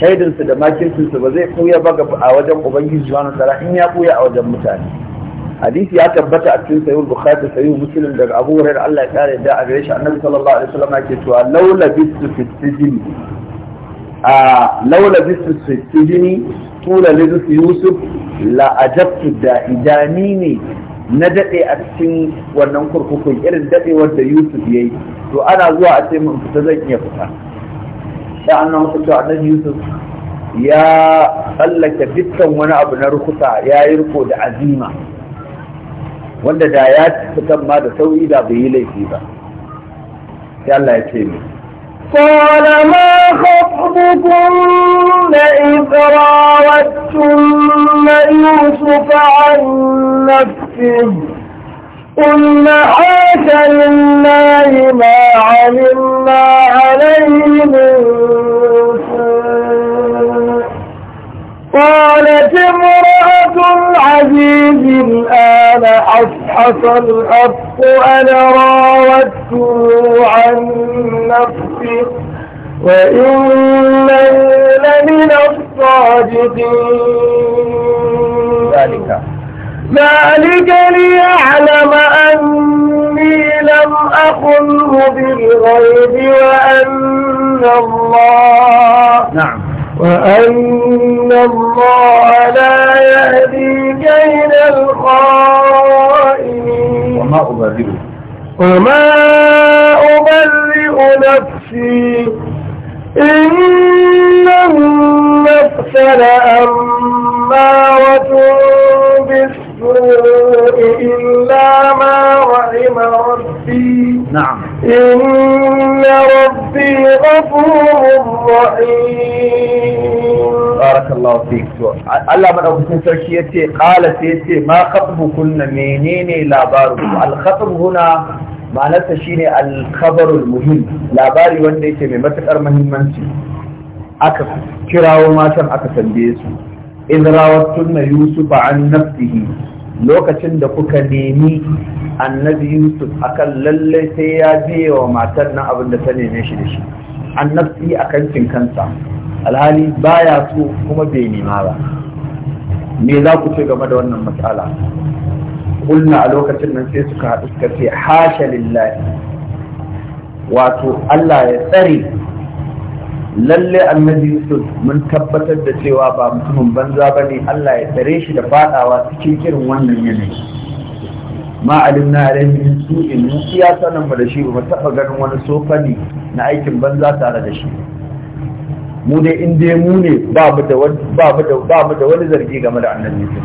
Haidinsu da makircinsu ba zai kuya ba a wajen ubangiji subhanahu in ya kuya a wajen mutane hadisi ya tabbata a cikin sahih bukhari da muslim daga abu hurairah Allah ya kare da a gare shi annabi sallallahu alaihi wasallam yake cewa laula bistu fi a laula bistu fi sijni tula lizu yusuf la ajabtu da idani ne na daɗe a cikin wannan kurkukun irin daɗewar da yusuf ya yi to ana zuwa a ce mun fita zan iya fita sai an na masa cewa annabi yusuf ya tsallake dukkan wani abu na rukuta ya yi riko da azima wanda da ya fitan ma da sau'i da bai yi laifi ba sai Allah ya ce ni قال ما خطبكن إذ راوتن يوسف عن نفسه قل حاشا لله ما علمنا عليه من قالت امرأة العزيز الآن حصحص الحق أنا راودته عن نفسه وإنني لمن الصادقين ذلك ليعلم أني لم أخنه بالغيب وأن الله نعم وأن الله لا يهدي كيد الخائنين وما أبرئ وما أبرئ نفسي إن النفس لأمارة إلا ما رحم ربي نعم إن ربي غفور رحيم بارك الله فيك الله من أبو سرشي يتي قال سيتي ما خطب كنا منيني لا بارك الخطب هنا معناتها شيني الخبر المهم لا باري وانده يتي من متكر مهمانسي aka kirawo matan aka tambaye su in rawattunna yusufa an nafsihi lokacin da kuka nemi annabi yusuf a kan lalle sai ya je wa matar nan abin da ta neme shi da shi annabi a kancin kansa alhali baya so kuma bai nema ba me za ku ce game da wannan matsala kulna a lokacin nan sai suka haɗu suka ce hasha lillahi wato Allah ya tsare lalle annabi yusuf mun tabbatar da cewa ba mutumin banza ba ne allah ya tsare shi da fadawa cikin irin wannan yanayi ma na alaihi su'in mu iya sanin mu da shi ba taba ganin wani sofani na aikin banza tare da shi mu dai in dai mu ne ba mu da wani zargi game da annabi yusuf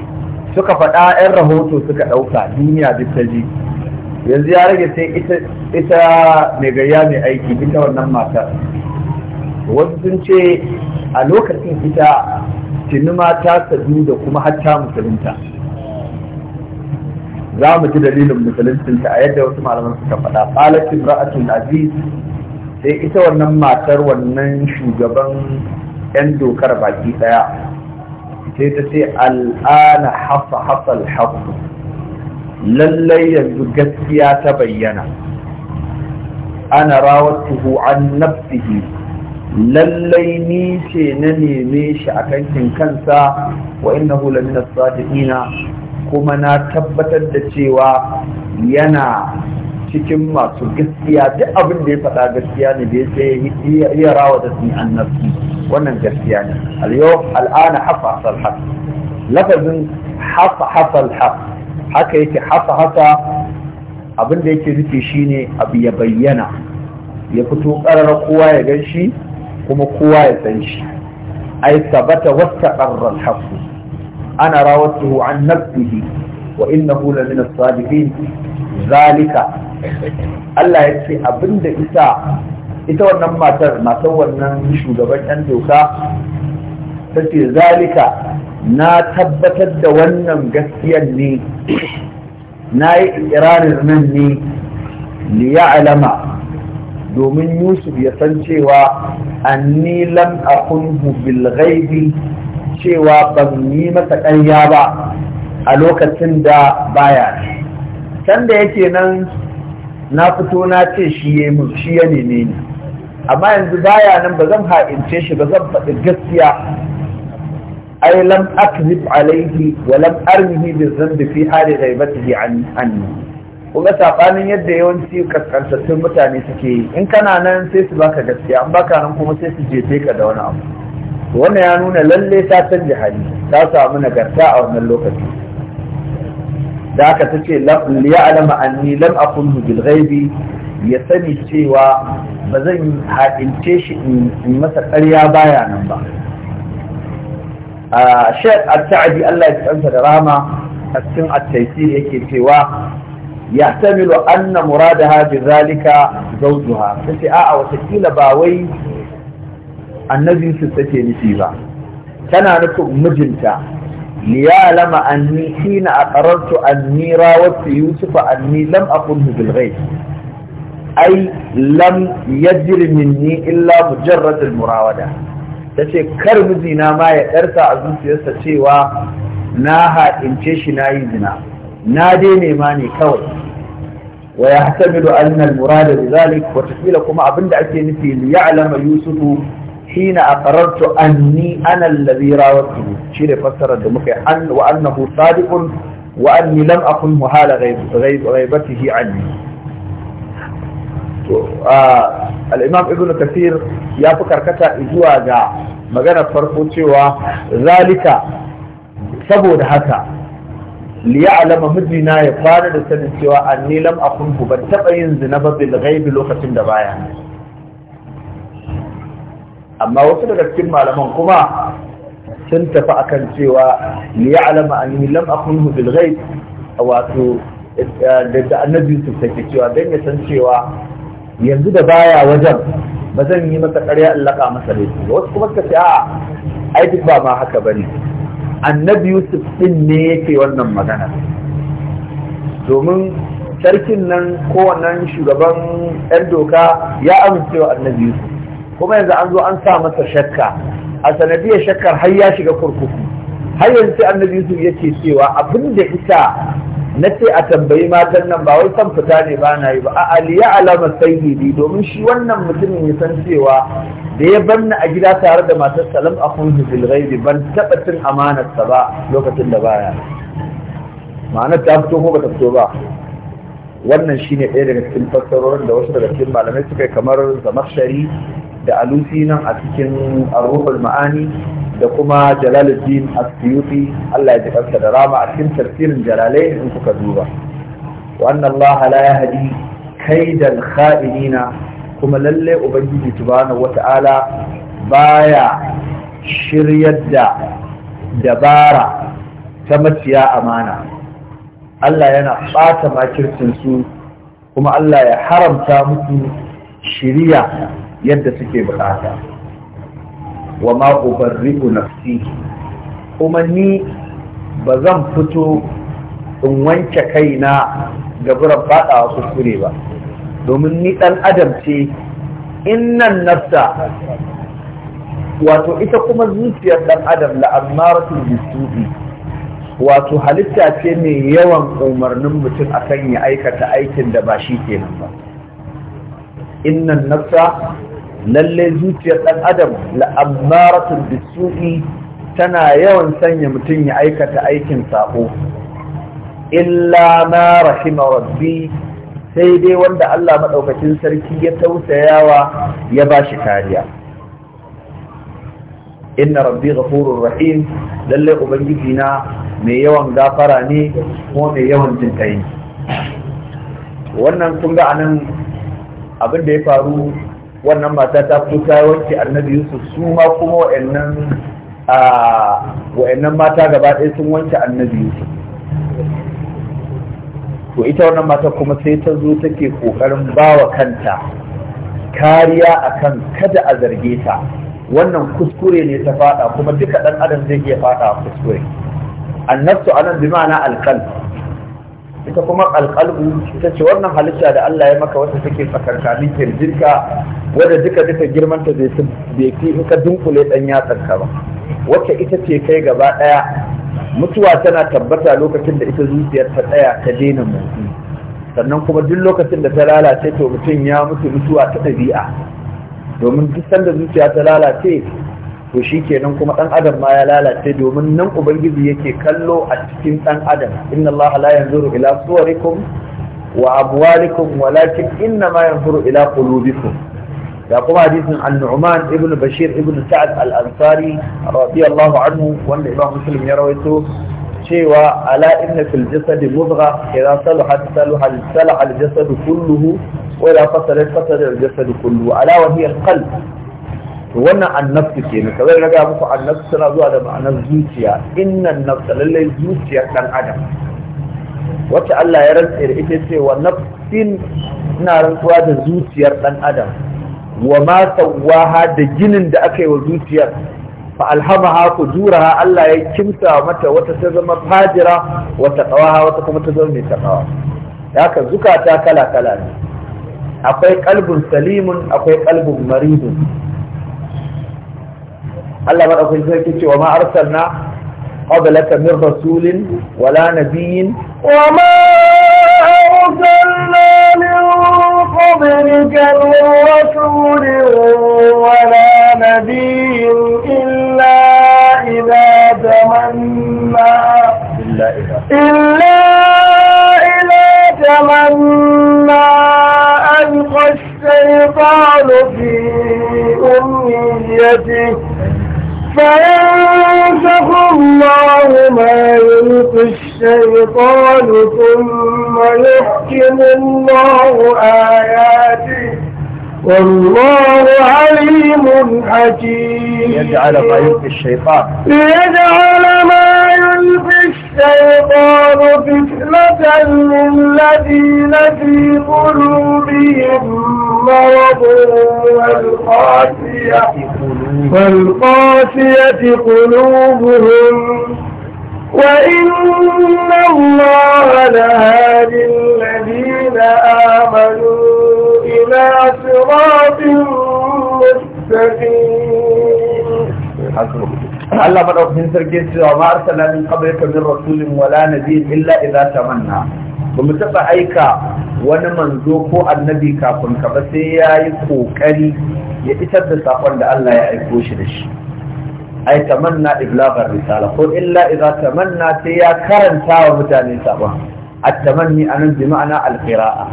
suka faɗa 'yan rahoto suka ɗauka duniya duk ta ji yanzu ya rage sai ita mai gayya mai aiki ita wannan matar wasu sun ce a lokacin ita Tinima ta sadu da kuma hatta musulunta za mu ji dalilin musuluncinta a yadda wasu malaman suka faɗa Ƙalatin ra'atul aziz sai ita wannan matar wannan shugaban yan dokar baki ɗaya, sai ta ce al'ana hafa hafa alhafu lallai yanzu gaskiya ta bayyana ana tuhu an nafsihi lallai ni ce na neme shi a kankin kansa wa hula minas sadiqina kuma na tabbatar da cewa yana cikin masu gaskiya duk abin da ya faɗa gaskiya ne da ya yi rawa da sun annabi wannan gaskiya ne al-yau al'ana hafa hasal haq lafazin hafa hasal haq haka yake hafa hasa abin da yake nufi shine abu ya bayyana ya fito ƙarar kowa ya gan shi kuma kowa ya san shi ai sabata wastaqarra al-haqq ana rawatuhu an nafsihi wa innahu la min as-sadiqin zalika Allah ya ce abinda isa, ita wannan matar matar wannan shugaban yan doka ta zalika na tabbatar da wannan gaskiyar ne na yi ikirarin nan ne alama. domin yusuf ya san cewa anni lam akunhu bil ghaibi cewa ban yi masa ƙarya ba a lokacin da baya can da yake nan na fito na ce shi ya shi ya neme ni amma yanzu baya nan ba zan ha'ince shi ba zan faɗi gaskiya ai lam akzib alaihi wa lam armihi bi dhanbi fi hali ghaibatihi anni kuma safanin yadda yawanci kaskantattun mutane suke yi in kana nan sai su baka gaskiya an baka nan kuma sai su jefe ka da wani abu wannan ya nuna lalle ta canja hali ta samu nagarta a wannan lokaci da aka ta ce ya alama anni lam aqulhu bil ghaibi ya sani cewa ba zan haɗince shi in masa ƙarya baya nan ba a shaykh at Allah ya tsanta da rama a cikin at yake cewa ya tamilu anna muradaha bi zalika zawjuha tace a'a watakila ba wai annabi su take nufi ba tana nufin mijinta ليعلم أني حين أقررت أني راودت يوسف أني لم أقله بالغيب أي لم يجر مني إلا مجرد المراودة tace kar mijina ma ya ɗarsa a zuciyarsa cewa na haɗince shi na yi zina na dai ne kawai ويحتمل أن المراد بذلك وتحميل كما أبن أتي نفي ليعلم يوسف حين أقررت أني أنا الذي راوته شير فسر الدمك أن وأنه صادق وأني لم أكن مهال غيب غيب غيبته عني آه الإمام ابن كثير يا فكر كتا إجوا جاء مغانا فرقوتي وذلك سبود هكا liya alama mijina ya fara da sanin cewa anni lam akunhu ban taba yin zina ba bil ghaibi lokacin da baya amma wasu daga cikin malaman kuma sun tafi akan cewa liya alama anni lam akunhu bil ghaib wato eh, da annabi su take cewa dan ya san cewa yanzu da baya wajen ba zan yi masa ƙarya in laka masa laifi wasu kuma suka ce a ai duk ba ma haka bane annabi yusuf din ne yake wannan magana domin sarkin nan kowannan shugaban 'yan doka ya amincewa annabi yusuf kuma yanzu an zo an sa masa shakka a sanadiyar shakkar har ya shiga kurkuku har yanzu annabi Yusuf yake cewa abin da ita na ce a tambayi matan nan ba wai san fita ne ba na yi ba a aliya alama sayyidi domin shi wannan mutumin ya san cewa da ya banna a gida tare da matar salam a kunzu bil ban taɓa cin amanarsa ba lokacin da baya ma'anar ta fito ko ba ta fito ba wannan shine ɗaya daga cikin fassarorin da wasu daga cikin malamai suka kamar zamakshari da alusi nan a cikin arhubul ma'ani da kuma jalaluddin as Allah ya ji da rama a cikin tafsirin jalalai in kuka duba Wannan anna Allah la yahdi kaidal kha'inina kuma lalle ubangiji subhanahu wata'ala baya shiryar da dabara ta maciya amana Allah yana ɓata makircin su kuma Allah ya haramta musu shiriya yadda suke bukata wa ma ubarri'u nafsi kuma ni ba zan fito in wanke kaina ga buran fadawa kuskure ba domin ni dan adam ce innan nafsa wato ita kuma zuciyar dan adam la'ammaratul bisubi wato halitta ce mai yawan umarnin mutum akan ya aikata aikin da ba shi kenan ba innan nafsa lalle zuciyar ɗan adam la'ammaratun bisu'i tana yawan sanya mutum ya aikata aikin sako illa ma rahima rabbi sai dai wanda Allah maɗaukacin sarki ya tausayawa ya ba shi kariya inna rabbi ghafurur rahim lalle ubangiji na mai yawan gafara ne ko mai yawan jinkai wannan kun ga anan abin da ya faru wannan mata ta fito ta wanke annabi yusuf su ma kuma wa'annan mata gaba ɗaya sun wanke annabi yusuf to ita wannan mata kuma sai ta zo take kokarin bawa kanta kariya akan kada a zarge ta wannan kuskure ne ta fada kuma duka dan adam zai iya fada kuskure annafsu anan bi ma'ana alkal. ita kuma alƙalbu ita ce wannan halitta da Allah ya maka wata take tsakankanin kirjinka wadda duka duka girmanta zai su bai fi in ka dunkule ɗan yatsanka ba wacce ita ce kai gaba ɗaya mutuwa tana tabbata lokacin da ita zuciyar ta tsaya ta daina motsi sannan kuma duk lokacin da ta lalace to mutum ya mutu mutuwa ta ɗabi'a domin duk sanda zuciya ta lalace to shi kenan kuma ɗan adam ma ya lalace domin nan ubangiji yake kallo a cikin ɗan adam inna allaha la yanzuru ila suwarikum wa abwalikum walakin inna ma yanzuru ila qulubikum da kuma hadisin an-nu'man ibn bashir ibn sa'ad al-ansari radiyallahu anhu wanda imam muslim ya rawaito cewa ala inna fil jasad mudgha idha salahat salaha al-jasad kulluhu wa idha fasalat fasada al-jasad kulluhu ala wa hiya al-qalb to wannan annabtu ke ne kamar raga muku annabtu suna zuwa da ma'anar zuciya innan nafsa lallai zuciyar dan adam wacce Allah ya rantsa da ita wa nafsin ina rantsuwa da zuciyar dan adam wa ma sawaha da ginin da aka yi wa zuciyar fa alhamaha ha, Allah ya kimta mata wata ta zama fajira wata tsawaha wata kuma ta zama mai Ya ka zukata kala kala ne akwai ƙalbin salimun akwai kalbin maridun Allah madaukakin sarki cewa وما ارسلنا قبلك من رسول ولا نبي وما أرسلنا من قبلك من رسول ولا نبي إلا إذا تمنى إلا إذا تمنى ألقى الشيطان في أمنيته فينسخ الله ما يلقي الشيطان ثم يحكم الله آياته والله عليم حكيم يجعل ما يلقي الشيطان ليجعل ما يلقي الشيطان فتنة للذين في قلوبهم مرض والقاسية والقاسية قلوبهم وإن الله لهادي الذين آمنوا إلى صراط مستقيم Allah madaukakin sarki cewa ma arsalna min qablika min rasulin wala nabiyyin illa idza tamanna ba mu taɓa aika wani manzo ko annabi kafin ka ba sai ya yi ƙoƙari ya isar da sakon da Allah ya aiko shi da shi ai tamanna iblagar risala ko illa idza tamanna sai ya karanta wa mutane sabon at-tamanni anan bi ma'ana al-qira'a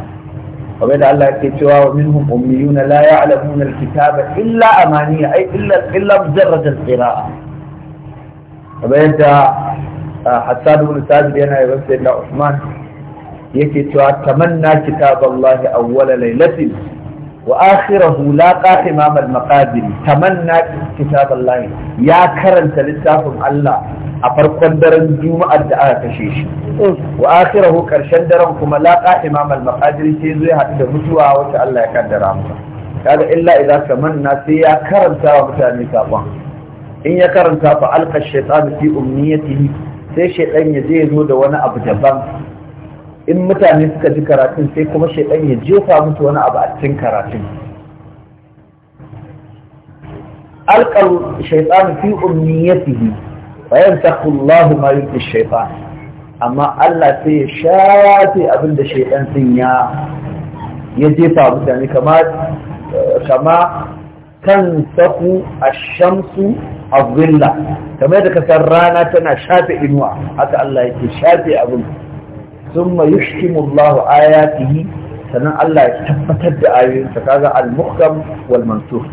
kamar da Allah yake cewa wa minhum ummiyuna la ya'lamuna al-kitaba illa amaniya ai illa illa mujarrad al-qira'a kamar yadda Hassan ibn Sabir yana yaban sayyidina Usman yake cewa tamanna kitaballahi awwala lailatin wa akhirahu laqa imam maqadir tamanna kitaballahi ya karanta littafin Allah a farkon daren juma'ar da aka kashe shi wa akhirahu karshen daren kuma laqa imam al-maqadir sai zai haɗu da mutuwa wacce Allah ya kaddara masa kaga illa idza tamanna sai ya karanta wa mutane sabon in ya karanta fa alqa shaytanu fi umniyatihi sai shaytan ya zai zo da wani abu daban in mutane suka ji karatun sai kuma shaytan ya jefa musu wani abu a cikin karatun alqa shaytanu fi umniyatihi fa yantakhu Allahu ma yulqi shaytan amma Allah sai ya shafe abin da shaytan din ya ya jefa mutane kama kan saku a shamsu azilla kamar da kasar rana tana shafe inuwa haka Allah yake shafe abin thumma yushkimu Allah ayatihi sannan Allah ya tabbatar da ayoyinsa kaga al-muhkam wal mansukh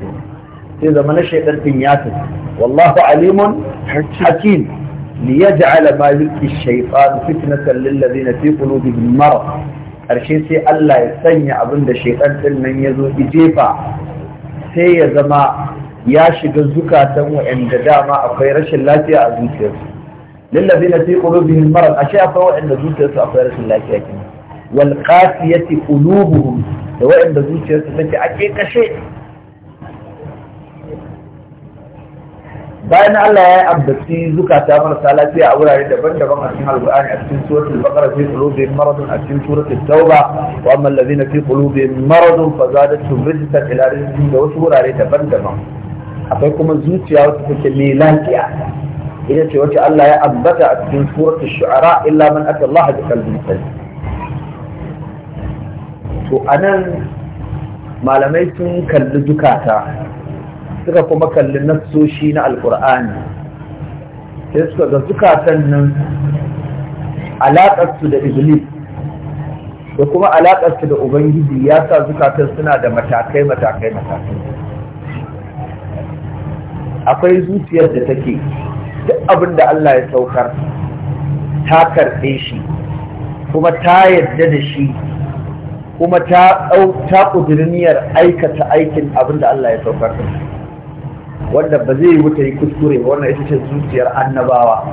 sai zama na shaidan din ya tafi wallahu alimun hakim liyaj'ala ma yulqi ash-shaytan fitnatan lil ladina fi qulubihim marad karshe sai Allah ya sanya abin da shaidan din nan ya zo jefa sai ya zama ya shiga zukatan wa'anda dama akwai rashin lafiya a zuciyarsu lillazi na fi qulubihim marad ashe akwai wa'anda zuciyarsu akwai rashin lafiya kin wal qasiyati qulubuhum da wa'anda zuciyarsu take ake kashe bayan Allah ya ambaci zukata marasa lafiya a wurare daban-daban a cikin Al-Qur'ani a cikin suratul Baqara fi qulubihim maradun a cikin suratul Tauba wa amma allazina fi qulubihim maradun fa zadatuhum rijsan ila rijsihim da wasu wurare daban-daban akwai kuma zuciya wacce take mai lafiya ita ce wacce Allah ya ambata a cikin suratul shu'ara illa man ata Allah bi qalbin to anan malamai sun kalli dukata, suka kuma kalli nassoshi na alqur'ani sai suka ga zukatan nan alaƙarsu da iblis da kuma alaƙarsu da ubangiji ya sa zukatan suna da matakai matakai matakai akwai zuciyar da take duk abin da Allah ya saukar ta karɓe shi kuma ta yadda da shi kuma ta ta ƙuduriniyar aikata aikin abin da Allah ya saukar wanda ba zai wuta yi kuskure ba wannan ita ce zuciyar annabawa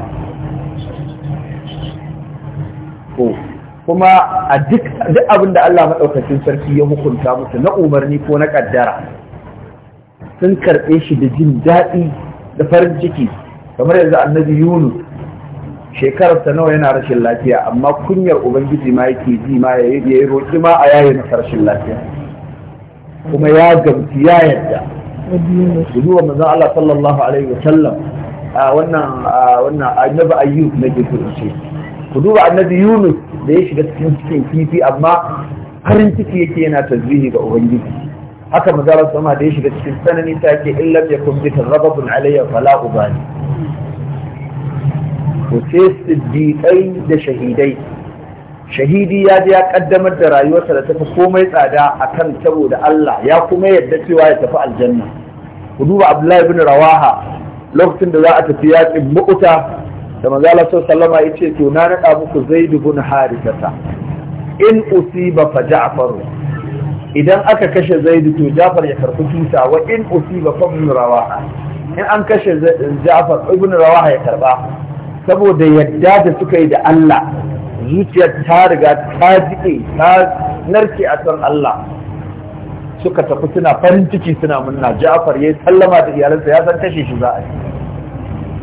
kuma a duk abin da Allah maɗaukacin sarki ya hukunta musu na umarni ko na ƙaddara sun karɓe shi da jin daɗi da farin ciki kamar yanzu annabi yunus shekararsa nawa yana rashin lafiya amma kunyar ubangiji ma yake ji ma ya yi roƙi ma a yayin masa rashin lafiya kuma ya gamsu ya yarda zuwa manzon Allah sallallahu alaihi wa sallam a wannan wannan annabi ayyub na ke ce ku duba annabi yunus da ya shiga cikin cikin kifi amma farin ciki yake yana tasbihi ga ubangiji haka mazalar sama da ya shiga cikin tsanani ta ke in lam yakun bi tarabun alayya fala ubani to sai da shahidai shahidi ya ji ya kaddamar da rayuwarsa da tafi komai tsada akan saboda Allah ya kuma yadda cewa ya tafi aljanna ku duba Abdullahi ibn Rawaha lokacin da za a tafi yaƙin mu'uta da manzala sau sallama ya ce to na naɗa muku zaidu bin harisata in usiba fa ja'faru idan aka kashe zaidu to jafar ya karɓi tuta wa in usiba ibn rawaha in an kashe jafar ibn rawaha ya karɓa saboda yadda da suka yi da Allah zuciyar ta riga ta jike ta narke a san Allah suka tafi suna farin ciki suna munna jafar ya sallama da iyalansa ya san kashe shi za a yi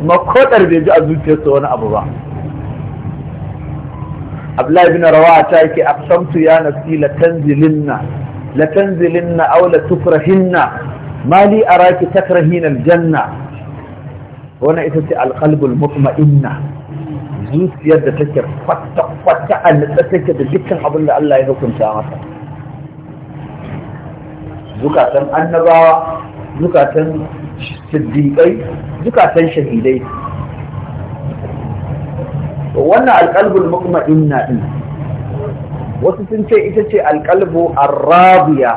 makodar bai ji a zuciyarsa wani abu ba Abdullahi bin Rawaha ta yake aqsamtu ya nasila tanzilinna latanzilinna aw latufrahinna mali araki takrahina aljanna wannan ita ce alqalbul mutma'inna zuciyar da take fatta fatta alƙa take da dukkan abin da Allah ya hukunta mata zukatan annabawa zukatan siddiqai zukatan shahidai wannan alqalbul mutma'inna din wasu sun ce ita ce alƙalbu arrabiya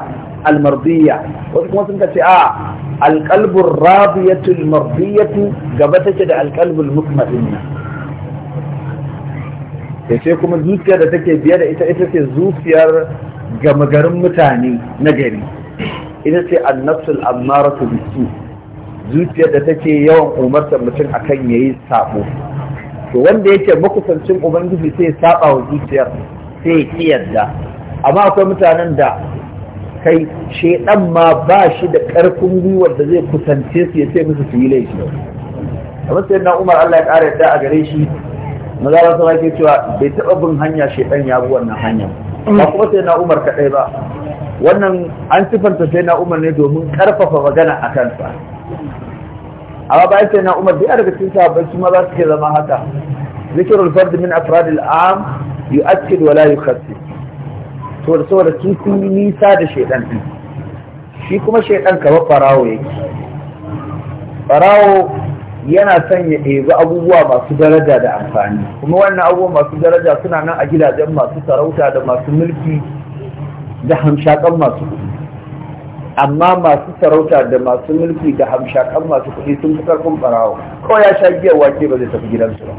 almarbiya wasu kuma sun ce a alƙalbun rabiyatul marbiyatu gaba take da alƙalbul mutmainna ya ce kuma zuciyar da take biye da ita ita ce zuciyar gama garin mutane na gari ita ce amara ammaratu bisu zuciyar da take yawan umartar mutum akan yayi sabo to wanda yake makusancin ubangiji sai ya saba wa zuciyar sai ki yadda amma akwai mutanen da kai shedan ma ba shi da karfin gwiwar da zai kusance su ya ce musu su yi laifi kamar sai na umar Allah ya ƙara yadda a gare shi maza ba su ke cewa bai taba bin hanya shedan ya bi wannan hanya ba kuma sai na umar kaɗai ba wannan an sifanta sai na umar ne domin karfafa magana a kansa amma bayan sai na umar duk daga cikin sahabbai su ma za su ke zama haka zikirul fard min afradil am yu'akkid wala yukhassis to da saboda kin yi nisa da shaidan din shi kuma shaidan kaba farawo yake farawo yana son ya ɗebi abubuwa masu daraja da amfani kuma wannan abubuwa masu daraja suna nan a gidajen masu sarauta da masu mulki da hamshakan masu kuɗi amma masu sarauta da masu mulki da hamshakan masu kuɗi sun fi karfin Farawo. Kawai ya sha giyar wake ba zai tafi gidansu ba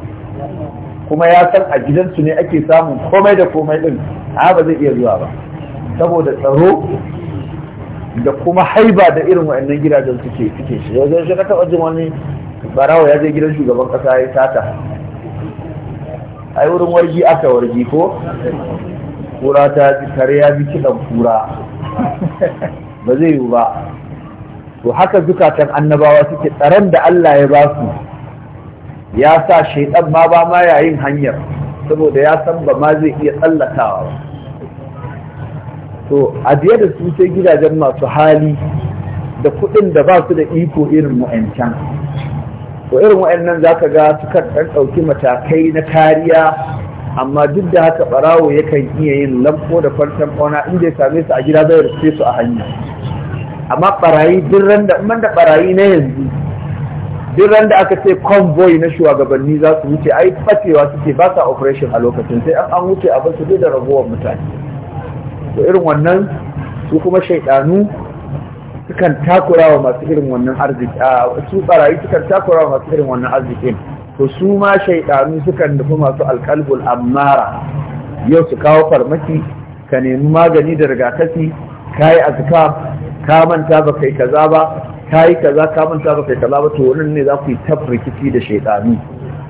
kuma ya san a gidansu ne ake samun komai da komai din a ba zai iya zuwa ba saboda tsaro da kuma haiba da irin wa'annan gidajen suke suke shi yau zai shaka taɓa jin wani barawa ya je gidan shugaban ƙasa ya yi sata ai wurin wargi aka wargi ko kura ta kare ya bi kiɗan kura ba zai yiwu ba to haka zukatan annabawa suke tsaron da Allah ya ba su ya sa shaidan ma ba ma yayin hanyar saboda ya san ba ma zai iya tsallakawa ba to a biyar da su sai gidajen masu hali da kuɗin da ba su da iko irin mu'ancan to irin wa'annan za ka ga sukan ɗan ɗauki matakai na kariya amma duk da haka ɓarawo yakan iya yin lamfo da farcen in inda ya same su a gida zai rufe su a hanya amma ɓarayi duk ran da ɓarayi na yanzu duk ran da aka ce convoy na shugabanni za su wuce ai fatewa suke ba sa operation a lokacin sai an an wuce a basu da ragowar mutane to irin wannan su kuma shaidanu sukan takura wa masu irin wannan arziki A su barayi sukan takura wa masu irin wannan arzikin to su ma shaidanu sukan nufi masu alkalbul amara yau su kawo farmaki ka nemi magani da rigakafi ka yi azkar ka manta ba kai kaza ba ka yi kaza ka manta ba kai kaza ba to wannan ne za ku yi tab rikici da shaidani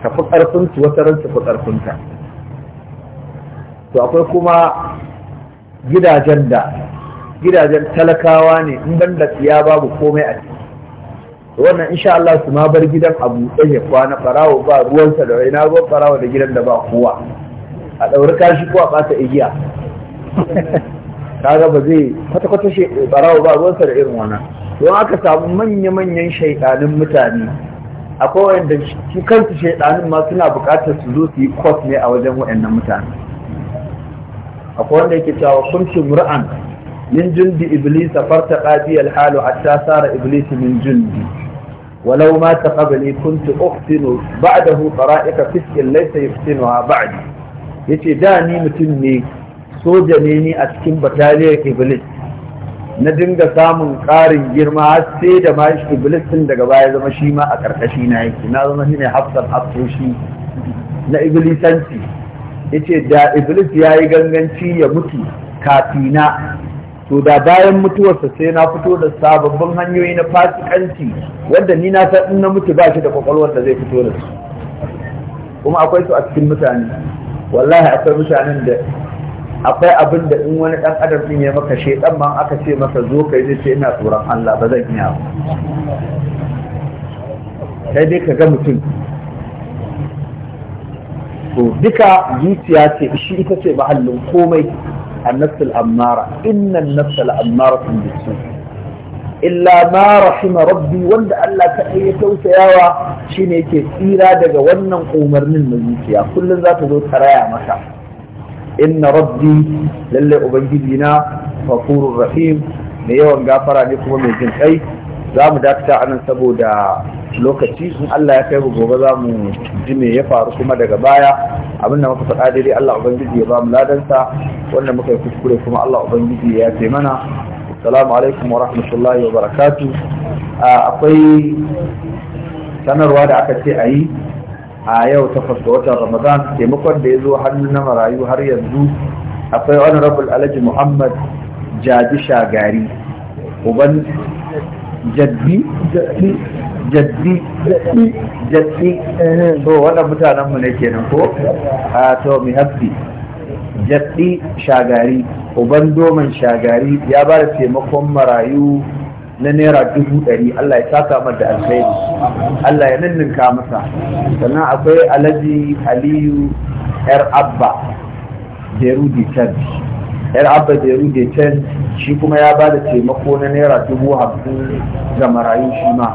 ka fi karfin su wata ran fi karfin ka to akwai kuma gidajen da gidajen talakawa ne in ban da tsiya babu komai a ciki wannan insha Allah su ma bar gidan abu ɗaya kwana farawo ba ruwansa da raina ruwan farawo da gidan da ba kowa a ɗauri kashi ko a ɓata igiya [laughs] kaga ba zai kwata-kwata shi farawo ba ruwansa da irin wannan don aka samu manya-manyan shaidanin mutane akwai wanda shi kansu shaidanin ma suna bukatar su zo su yi kwas ne a wajen waɗannan mutane akwai wanda yake cewa kunshi mur'an min jundi iblis farta qadi alhalu hatta sara iblis min jundi ولو مات قبلي كنت أفتن بعده طرائق فسق ليس يفتنها بعدي yace da ni mutum ne soja ne ni a cikin bataliyar iblis na dinga samun ƙarin girma har sai da ma shi iblis daga baya zama shi ma a ƙarƙashi na yake na zama shi ne hafsan hafsoshi na iblisanci ce da iblis ya yi ganganci ya mutu kafina to da bayan mutuwarsa sai na fito da sababbin hanyoyi na fasikanci wanda ni na san na mutu ba shi da kwakwalwar da zai fito da su kuma akwai su a cikin mutane wallahi akwai mutanen da akwai abinda in wani dan adam din ya maka shedan ma aka ce masa zo kai zai ce ina tsoron Allah ba zan iya sai dai kaga mutum duka zuciya ce shi ita ce mahallin komai annasul amara innan nafsal amara tun bisu illa ma rahima rabbi wanda Allah ta ya tausayawa shine yake tsira daga wannan umarnin na zuciya kullun zaka zo raya maka inna rabbi lalle ubangiji na ghafurur rahim mai yawan gafara ne kuma mai jin kai za mu dakata anan saboda lokaci in Allah ya kai mu gobe za mu ji me ya faru kuma daga baya abin da muka faɗa daidai Allah ubangiji ya ba mu ladansa wanda muka yi kuskure kuma Allah ubangiji ya yafe mana assalamu alaikum wa rahmatullahi wa barakatuh akwai sanarwa da aka ce a yi a yau takwas ga watan ramadan taimakon da ya zo hannu na marayu har yanzu akwai rabul alaji muhammad jaji shagari uban jaddi jaddi jaddi to wannan mutanenmu ne kenan ko a to mi hafi jaddi shagari uban doman shagari ya ba da taimakon marayu na naira dubu ɗari Allah ya saka mata da alkhairi Allah ya ninninka masa sannan akwai alhaji aliyu yar abba jeru de yar abba jeru de shi kuma ya ba da taimako na naira dubu hamsin ga marayu shi ma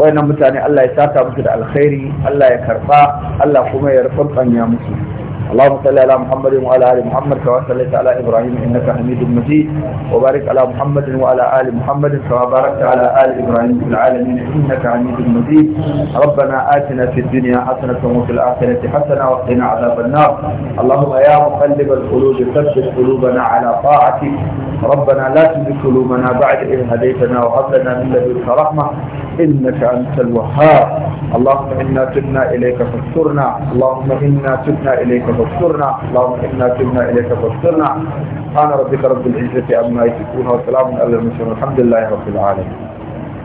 wayannan mutane Allah ya saka musu da alkhairi Allah ya karɓa, Allah kuma ya rufe musu اللهم صل على محمد وعلى ال محمد كما صليت على ابراهيم انك حميد مجيد وبارك على محمد وعلى ال محمد كما باركت على ال ابراهيم في العالمين انك حميد مجيد ربنا اتنا في الدنيا حسنه وفي الاخره حسنه وقنا عذاب النار اللهم يا مقلب القلوب ثبت قلوبنا على طاعتك ربنا لا تزغ قلوبنا بعد إذ هديتنا وهب لنا من لدنك رحمه انك انت الوهاب اللهم انا تبنا اليك فاسترنا اللهم انا تبنا اليك فاسترنا اللهم إنا تبنا إليك فاسترنا سبحان ربك رب العزة عما يصفون وسلام على المسلمين والحمد لله رب العالمين